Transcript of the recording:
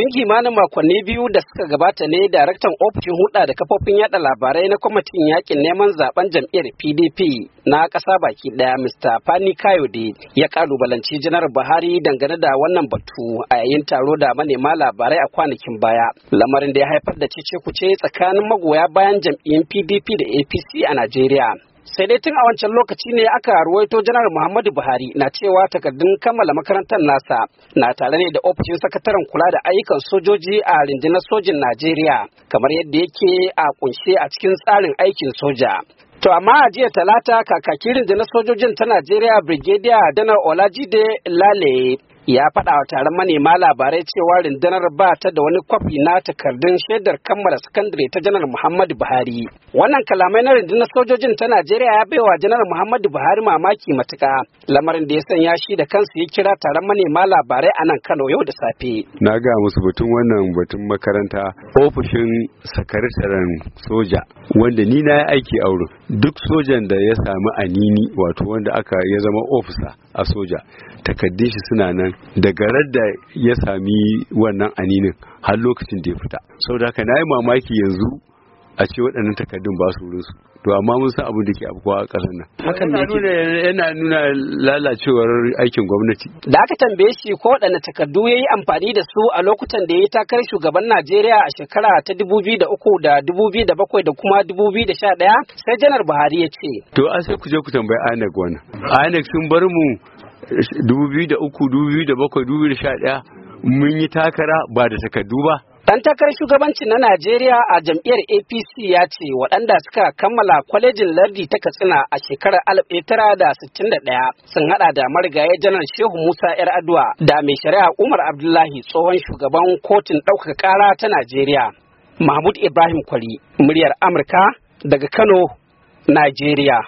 Tun kimanin makonni biyu da suka gabata ne daraktan ofishin hulɗa da kafofin yada labarai na kwamitin yakin neman zaben jam'iyyar PDP na ƙasa baki ɗaya Mr. Fani Kayode ya kalubalanci janar Buhari dangane da wannan batu a yayin taro da manema labarai a kwanakin baya. Lamarin da ya haifar da cece kuce tsakanin magoya bayan jam'iyyun PDP da APC a Najeriya. sai dai tun a wancan lokaci ne aka ruwaito janar muhammadu buhari na cewa takardun kammala makarantar nasa na tare ne da ofishin sakataren kula da ayyukan sojoji a rundunar sojin najeriya kamar yadda yake a kunshe a cikin tsarin aikin soja To amma a jiya talata kakakin rundunar sojojin ta Najeriya Brigadier Janar Olajide Lale ya faɗa wa taron manema labarai cewa rundunar ba ta da wani kwafi na takardun shaidar kammala sakandare ta janar muhammadu buhari wannan kalamai na rundunar sojojin ta najeriya ya baiwa janar muhammadu buhari mamaki matuka lamarin da ya sanya shi da kansu ya kira taron manema labarai a nan kano yau da safe na ga musu batun wannan batun makaranta ofishin sakaritaren soja wanda ni na aiki a wurin duk sojan da ya sami anini wato wanda aka ya zama ofisa a soja takaddun shi suna nan da daga da ya sami wannan aninin har lokacin da ya fita saboda haka na yi mamaki yanzu a ce waɗannan takardun ba su wurin su to amma mun san abin da ke abuwa a ƙasar nan hakan yana nuna lalacewar aikin gwamnati da aka tambaye shi ko waɗanne takardu yayi amfani da su a lokutan da yi takarar shugaban Najeriya a shekara ta 2003 da 2007 da kuma 2011 sai janar Buhari ya ce to an sai ku je ku tambayi INEC wannan INEC sun bar mu 2003 2007 2011 mun yi takara ba da takardu ba dan takarar shugabanci na Najeriya a jam'iyyar APC ya ce waɗanda suka kammala kwalejin lardi ta Katsina a shekarar alif tara da da sittin ɗaya, sun haɗa da marigaye janar Shehu Musa 'Yar Yar'adua da mai shari'a Umar Abdullahi tsohon shugaban kotun ɗaukaka ƙara ta Najeriya. Mahmud Ibrahim Kwari, muryar Amurka daga Kano, Najeriya.